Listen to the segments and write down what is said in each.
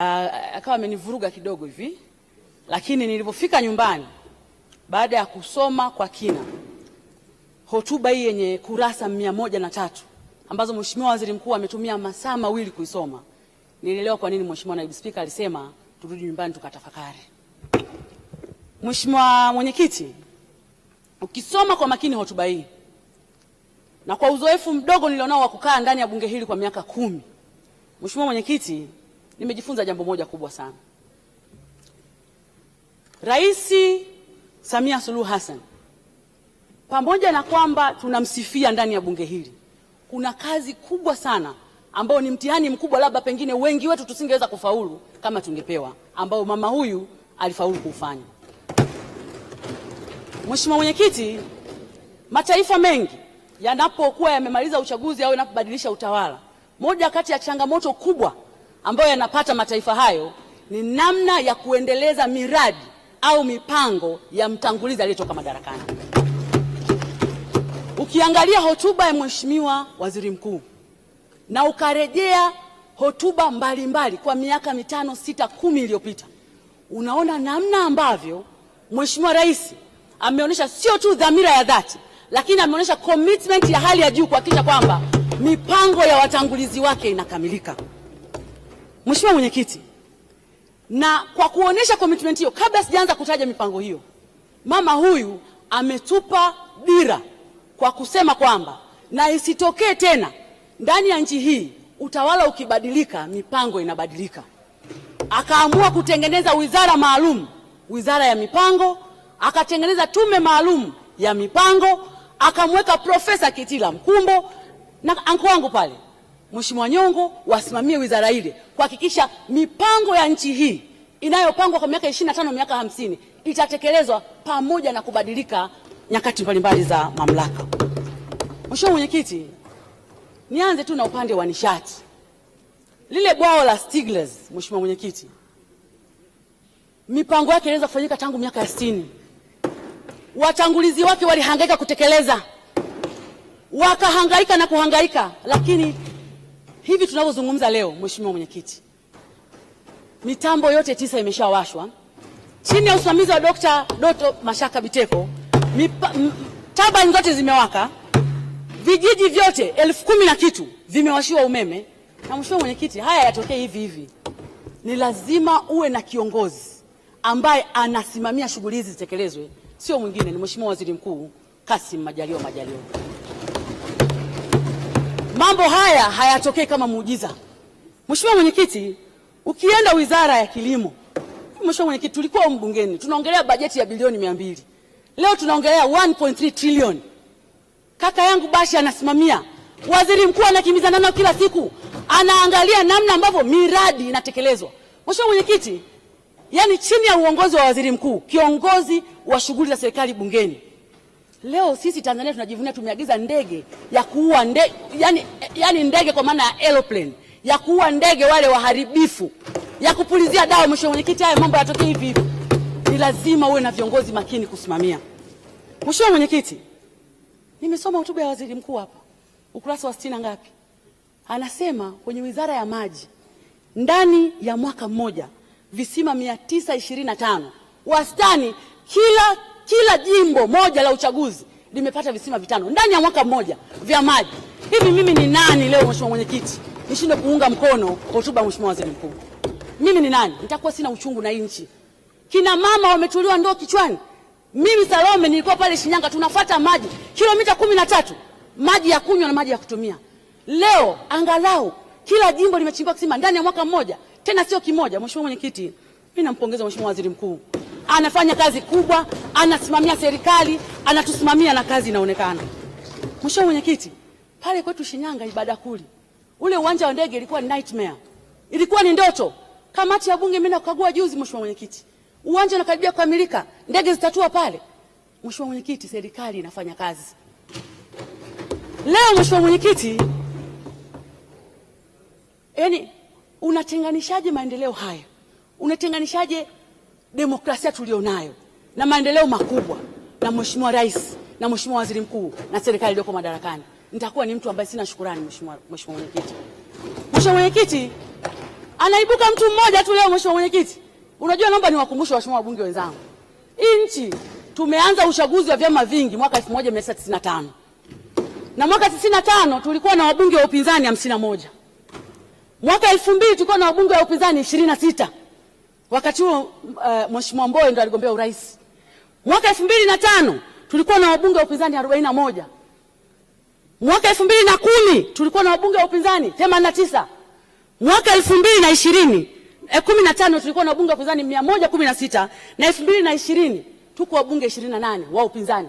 Uh, akawa amenivuruga kidogo hivi, lakini nilipofika nyumbani baada ya kusoma kwa kina hotuba hii yenye kurasa mia moja na tatu ambazo Mheshimiwa Waziri Mkuu ametumia masaa mawili kuisoma, nilielewa kwa nini Mheshimiwa Naibu Spika alisema turudi nyumbani tukatafakari. Mheshimiwa Mwenyekiti, ukisoma kwa makini hotuba hii na kwa uzoefu mdogo nilionao wa kukaa ndani ya bunge hili kwa miaka kumi, Mheshimiwa Mwenyekiti nimejifunza jambo moja kubwa sana. Rais Samia Suluhu Hassan, pamoja na kwamba tunamsifia ndani ya bunge hili, kuna kazi kubwa sana ambayo ni mtihani mkubwa, labda pengine wengi wetu tusingeweza kufaulu kama tungepewa, ambayo mama huyu alifaulu kuufanya. Mheshimiwa Mwenyekiti, mataifa mengi yanapokuwa yamemaliza uchaguzi au yanapobadilisha utawala, moja kati ya changamoto kubwa ambayo yanapata mataifa hayo ni namna ya kuendeleza miradi au mipango ya mtangulizi aliyetoka madarakani. Ukiangalia hotuba ya Mheshimiwa Waziri Mkuu na ukarejea hotuba mbalimbali mbali kwa miaka mitano, sita, kumi iliyopita, unaona namna ambavyo Mheshimiwa Rais ameonyesha sio tu dhamira ya dhati, lakini ameonyesha commitment ya hali ya juu kuhakikisha kwamba mipango ya watangulizi wake inakamilika. Mheshimiwa Mwenyekiti, na kwa kuonyesha commitment hiyo, kabla sijaanza kutaja mipango hiyo, mama huyu ametupa dira kwa kusema kwamba na isitokee tena ndani ya nchi hii utawala ukibadilika, mipango inabadilika. Akaamua kutengeneza wizara maalum, wizara ya mipango, akatengeneza tume maalum ya mipango, akamweka Profesa Kitila Mkumbo na anko wangu pale Mheshimiwa Nyongo wasimamie wizara ile kuhakikisha mipango ya nchi hii inayopangwa kwa miaka 25 miaka hamsini itatekelezwa pamoja na kubadilika nyakati mbalimbali za mamlaka. Mheshimiwa Mwenyekiti, nianze tu na upande wa nishati, lile bwao la Stiglers. Mheshimiwa Mwenyekiti, mipango yake inaweza kufanyika tangu miaka ya Watangulizi wake walihangaika kutekeleza, wakahangaika na kuhangaika, lakini Hivi tunavyozungumza leo, mheshimiwa mwenyekiti, mitambo yote tisa imeshawashwa chini ya usimamizi wa Dr. Doto Mashaka Biteko. Tabani zote zimewaka, vijiji vyote elfu kumi na kitu vimewashiwa umeme. Na mheshimiwa mwenyekiti, haya yatokee hivi hivi, ni lazima uwe na kiongozi ambaye anasimamia shughuli hizi zitekelezwe. Sio mwingine, ni mheshimiwa waziri mkuu Kassim Majaliwa Majaliwa. Mambo haya hayatokei kama muujiza. Mheshimiwa Mwenyekiti, ukienda Wizara ya Kilimo, Mheshimiwa Mwenyekiti, tulikuwa bungeni tunaongelea bajeti ya bilioni mia mbili, leo tunaongelea 1.3 trillion. Kaka yangu Bashi anasimamia, waziri mkuu anakimbizana nao kila siku, anaangalia namna ambavyo miradi inatekelezwa. Mheshimiwa Mwenyekiti, yani chini ya uongozi wa waziri mkuu, kiongozi wa shughuli za serikali bungeni Leo sisi Tanzania tunajivunia tumeagiza ndege ya kuua ndege, yani, yani ndege kwa maana ya aeroplane ya kuua ndege wale waharibifu ya kupulizia dawa. Mheshimiwa Mwenyekiti, haya mambo yatokee hivi hivi, ni lazima uwe na viongozi makini kusimamia. Mheshimiwa Mwenyekiti, nimesoma hotuba ya waziri mkuu hapa, ukurasa wa sitini ngapi, anasema kwenye wizara ya maji ndani ya mwaka mmoja visima 925 wastani kila kila jimbo moja la uchaguzi limepata visima vitano ndani ya mwaka mmoja vya maji. Hivi mimi ni nani leo, mheshimiwa mwenyekiti, nishinde kuunga mkono hotuba mheshimiwa waziri mkuu? Mimi ni nani? Nitakuwa sina uchungu na nchi. Kina mama wametuliwa ndoo kichwani. Mimi Salome nilikuwa pale Shinyanga, tunafuata maji kilomita kumi na tatu, maji ya kunywa na maji ya kutumia. Leo angalau kila jimbo limechimbwa kisima ndani ya mwaka mmoja, tena sio kimoja. Mheshimiwa mwenyekiti, mimi nampongeza mheshimiwa waziri mkuu anafanya kazi kubwa, anasimamia serikali, anatusimamia na kazi inaonekana. Mheshimiwa Mwenyekiti, pale kwetu Shinyanga ibada kuli ule uwanja wa ndege ilikuwa ni nightmare, ilikuwa ni ndoto. Kamati ya bunge mimi nakagua juzi, Mheshimiwa Mwenyekiti, uwanja unakaribia kukamilika, ndege zitatua pale. Mheshimiwa Mwenyekiti, serikali inafanya kazi. Leo Mheshimiwa Mwenyekiti, yani unatenganishaje maendeleo haya? Unatenganishaje demokrasia tulionayo na maendeleo makubwa na Mheshimiwa Rais na Mheshimiwa Waziri Mkuu na serikali iliyoko madarakani, nitakuwa ni mtu ambaye sina shukurani. Mheshimiwa Mwenyekiti, Mheshimiwa Mwenyekiti, anaibuka mtu mmoja tu leo. Mheshimiwa Mwenyekiti, unajua, naomba niwakumbushe Waheshimiwa wabunge wenzangu, hii nchi tumeanza uchaguzi wa vyama vingi mwaka 1995 na mwaka 95 tulikuwa na wabunge wa upinzani 51, mwaka 2000 tulikuwa na wabunge wa upinzani 26 Wakati huo uh, Mheshimiwa Mbowe ndo aligombea urais. Mwaka elfu mbili na tano tulikuwa na wabunge wa upinzani arobaini na moja. Mwaka elfu mbili na kumi tulikuwa na wabunge wa upinzani themanini na tisa. Mwaka elfu mbili na ishirini eh, kumi na tano tulikuwa na wabunge wa upinzani mia moja kumi na sita na elfu mbili na ishirini tuko wabunge ishirini na nane wa upinzani.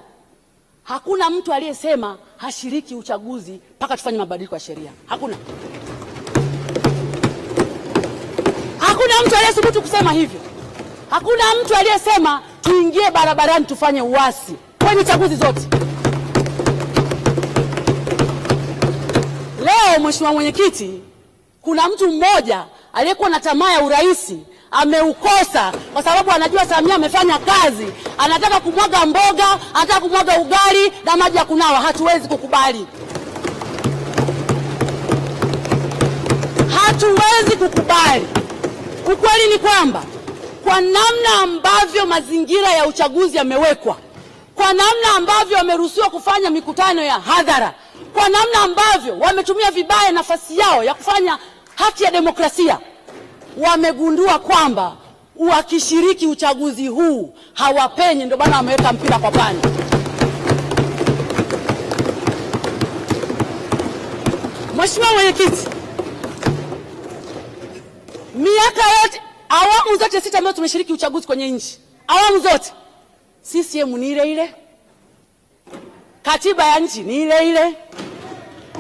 Hakuna mtu aliyesema hashiriki uchaguzi mpaka tufanye mabadiliko ya sheria. Hakuna. Hakuna mtu aliyesubutu kusema hivyo. Hakuna mtu aliyesema tuingie barabarani tufanye uasi kwenye chaguzi zote. Leo Mheshimiwa Mwenyekiti, kuna mtu mmoja aliyekuwa na tamaa ya urais ameukosa kwa sababu anajua Samia amefanya kazi, anataka kumwaga mboga, anataka kumwaga ugali na maji ya kunawa. Hatuwezi kukubali, hatuwezi kukubali. Ukweli ni kwamba kwa namna ambavyo mazingira ya uchaguzi yamewekwa, kwa namna ambavyo wameruhusiwa kufanya mikutano ya hadhara, kwa namna ambavyo wametumia vibaya nafasi yao ya kufanya haki ya demokrasia, wamegundua kwamba wakishiriki uchaguzi huu hawapenyi. Ndio maana wameweka mpira kwa pani. Mheshimiwa Mwenyekiti, miaka yote, awamu zote sita ambazo tumeshiriki uchaguzi kwenye nchi, awamu zote CCM ni ile ile, katiba ya nchi ni ile ile,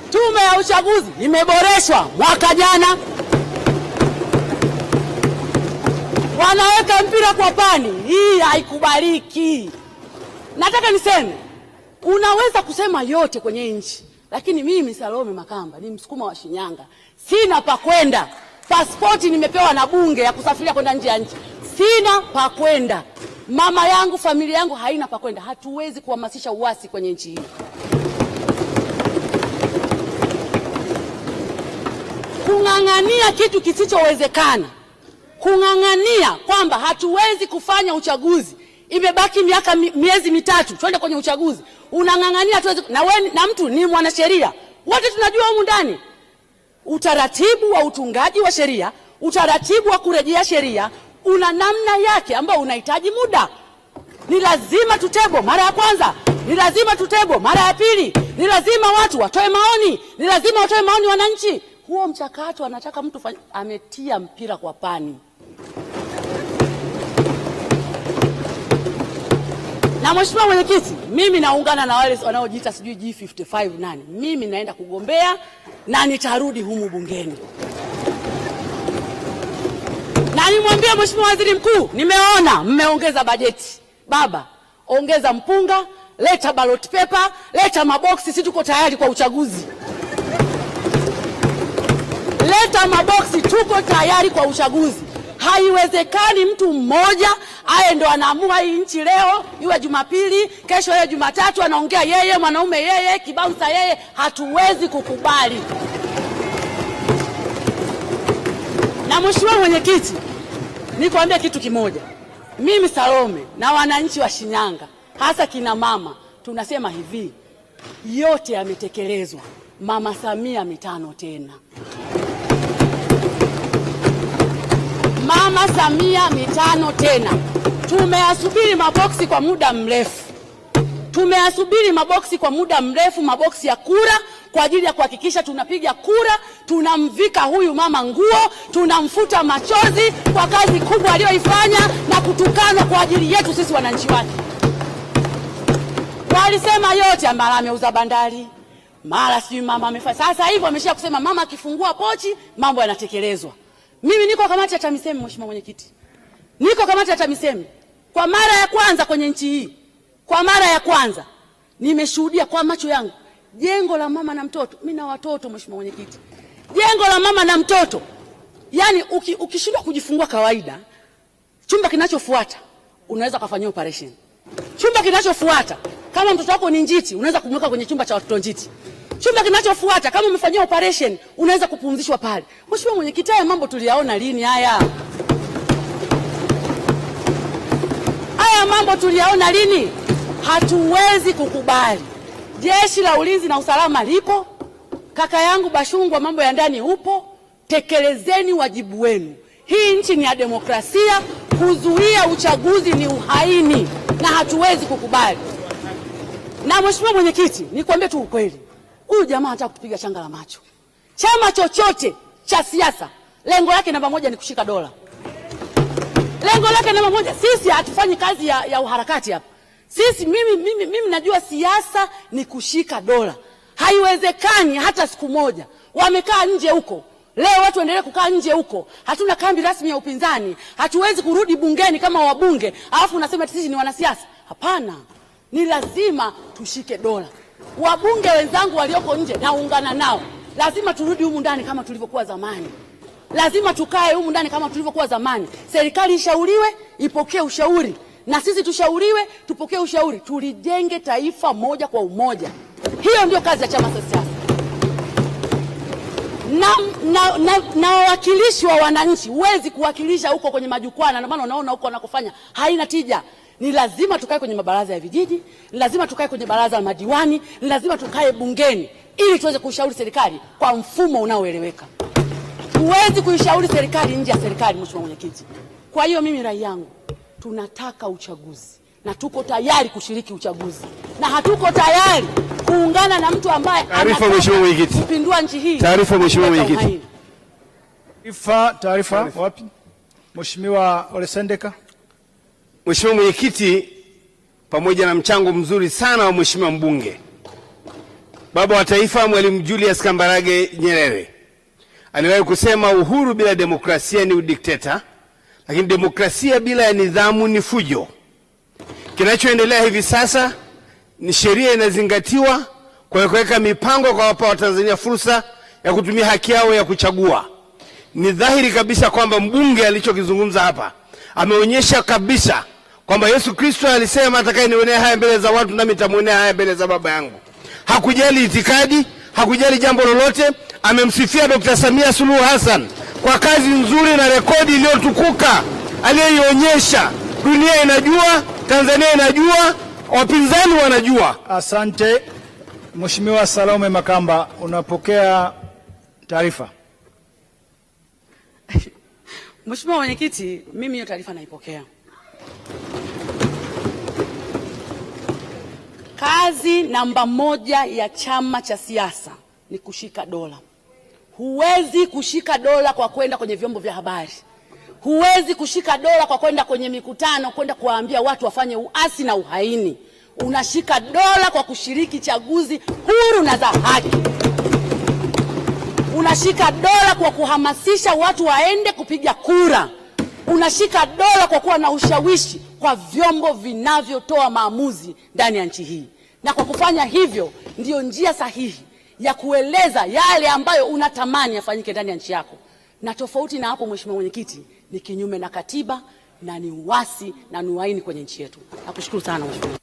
tume ya uchaguzi imeboreshwa mwaka jana, wanaweka mpira kwa pani. Hii haikubaliki. Nataka niseme unaweza kusema yote kwenye nchi, lakini mimi Salome Makamba ni msukuma wa Shinyanga, sina pa kwenda. Pasipoti nimepewa na bunge ya kusafiria kwenda nje ya nchi, sina pa kwenda. Mama yangu familia yangu haina pa kwenda. Hatuwezi kuhamasisha uasi kwenye nchi hii. Kung'ang'ania kitu kisichowezekana, kung'ang'ania kwamba hatuwezi kufanya uchaguzi, imebaki miaka miezi mitatu twende kwenye uchaguzi, unang'ang'ania tuwezi, na, we, na mtu ni mwanasheria, wote tunajua humu ndani utaratibu wa utungaji wa sheria, utaratibu wa kurejea sheria una namna yake ambayo unahitaji muda. Ni lazima tutebo mara ya kwanza, ni lazima tutebo mara ya pili, ni lazima watu watoe maoni, ni lazima watoe maoni wananchi. Huo mchakato anataka mtu fanya, ametia mpira kwa pani. Na mheshimiwa mwenyekiti, mimi naungana na wale wanaojiita sijui G55 nani, mimi naenda kugombea na nitarudi humu bungeni na nimwambie Mheshimiwa Waziri Mkuu, nimeona mmeongeza bajeti. Baba, ongeza mpunga, leta ballot paper, leta maboksi, sisi tuko tayari kwa uchaguzi. Leta maboksi, tuko tayari kwa uchaguzi. Haiwezekani mtu mmoja aye ndo anaamua hii nchi, leo iwe Jumapili, kesho iwe Jumatatu, anaongea yeye, mwanaume yeye, kibausa yeye. Hatuwezi kukubali. Na mheshimiwa mwenyekiti, nikuambie kitu kimoja, mimi Salome na wananchi wa Shinyanga, hasa kina mama, tunasema hivi, yote yametekelezwa. Mama Samia mitano tena. Mama Samia mitano tena. Tumeyasubiri maboksi kwa muda mrefu, tumeyasubiri maboksi kwa muda mrefu, maboksi ya kura kwa ajili ya kuhakikisha tunapiga kura, tunamvika huyu mama nguo, tunamfuta machozi kwa kazi kubwa aliyoifanya na kutukanwa kwa ajili yetu sisi wananchi wake. Walisema yote, mara ameuza bandari, mara sijui mama amefanya. Sasa hivi ameshia kusema mama akifungua pochi mambo yanatekelezwa. Mimi niko kamati ya TAMISEMI, mheshimiwa mwenyekiti, niko kamati ya TAMISEMI. Kwa mara ya kwanza kwenye nchi hii, kwa mara ya kwanza nimeshuhudia kwa macho yangu jengo la mama na mtoto. Mimi na watoto, mheshimiwa mwenyekiti, jengo la mama na mtoto, yaani ukishindwa kujifungua kawaida, chumba kinachofuata unaweza ukafanyia operation. Chumba kinachofuata kama mtoto wako ni njiti, unaweza kumweka kwenye chumba cha watoto njiti. Chumba kinachofuata kama umefanyia operation unaweza kupumzishwa pale. Mheshimiwa Mwenyekiti, haya mambo tuliyaona lini? Haya haya mambo tuliyaona lini? Hatuwezi kukubali. Jeshi la ulinzi na usalama lipo, kaka yangu Bashungwa, mambo ya ndani upo. Tekelezeni wajibu wenu. Hii nchi ni ya demokrasia. Kuzuia uchaguzi ni uhaini na hatuwezi kukubali. Na mheshimiwa mwenyekiti, nikwambie tu ukweli Huyu jamaa anataka kutupiga shanga la macho. Chama chochote cha siasa lengo lake namba moja ni kushika dola. Lengo lake namba moja. Sisi hatufanyi kazi ya, ya uharakati hapa. Sisi mimi, mimi, mimi najua siasa ni kushika dola. Haiwezekani hata siku moja. Wamekaa nje huko. Leo watu waendelee kukaa nje huko. Hatuna kambi rasmi ya upinzani. Hatuwezi kurudi bungeni kama wabunge. Alafu unasema sisi ni wanasiasa. Hapana. Ni lazima tushike dola. Wabunge wenzangu walioko nje naungana nao, lazima turudi humu ndani kama tulivyokuwa zamani, lazima tukae humu ndani kama tulivyokuwa zamani. Serikali ishauriwe, ipokee ushauri, na sisi tushauriwe, tupokee ushauri, tulijenge taifa moja kwa umoja. Hiyo ndio kazi ya chama cha siasa na wawakilishi wa wananchi. Huwezi kuwakilisha huko kwenye majukwaa, na ndio maana unaona huko wanakofanya haina tija ni lazima tukae kwenye mabaraza ya vijiji, ni lazima tukae kwenye baraza la madiwani, ni lazima tukae bungeni ili tuweze kuishauri serikali kwa mfumo unaoeleweka. Huwezi kuishauri serikali nje ya serikali, mheshimiwa mwenyekiti. Kwa hiyo mimi rai yangu, tunataka uchaguzi na tuko tayari kushiriki uchaguzi na hatuko tayari kuungana na mtu ambaye kupindua nchi hii. Taarifa mheshimiwa mwenyekiti. Taarifa wapi? Mheshimiwa Ole Sendeka. Mheshimiwa Mwenyekiti, pamoja na mchango mzuri sana wa Mheshimiwa mbunge, baba wa taifa Mwalimu Julius Kambarage Nyerere aliwahi kusema, uhuru bila demokrasia ni udikteta, lakini demokrasia bila ya nidhamu ni fujo. Kinachoendelea hivi sasa ni sheria inazingatiwa kwa kuweka mipango kwa wapa Watanzania fursa ya kutumia haki yao ya kuchagua. Ni dhahiri kabisa kwamba mbunge alichokizungumza hapa ameonyesha kabisa kwamba Yesu Kristo alisema atakayenionea haya mbele za watu, nami nitamwonea haya mbele za Baba yangu. Hakujali itikadi, hakujali jambo lolote. Amemsifia Dr. Samia Suluhu Hassan kwa kazi nzuri na rekodi iliyotukuka aliyoionyesha. Dunia inajua, Tanzania inajua, wapinzani wanajua. Asante Mheshimiwa Salome Makamba, unapokea taarifa? Mheshimiwa Mwenyekiti, mimi hiyo taarifa naipokea. Kazi namba moja ya chama cha siasa ni kushika dola. Huwezi kushika dola kwa kwenda kwenye vyombo vya habari, huwezi kushika dola kwa kwenda kwenye mikutano, kwenda kuwaambia watu wafanye uasi na uhaini. Unashika dola kwa kushiriki chaguzi huru na za haki. Unashika dola kwa kuhamasisha watu waende kupiga kura. Unashika dola kwa kuwa na ushawishi kwa vyombo vinavyotoa maamuzi ndani ya nchi hii na kwa kufanya hivyo ndiyo njia sahihi ya kueleza yale ambayo unatamani yafanyike ndani ya nchi yako. Na tofauti na hapo, Mheshimiwa Mwenyekiti, ni kinyume na katiba na ni uasi na ni uhaini kwenye nchi yetu. Nakushukuru sana Mheshimiwa.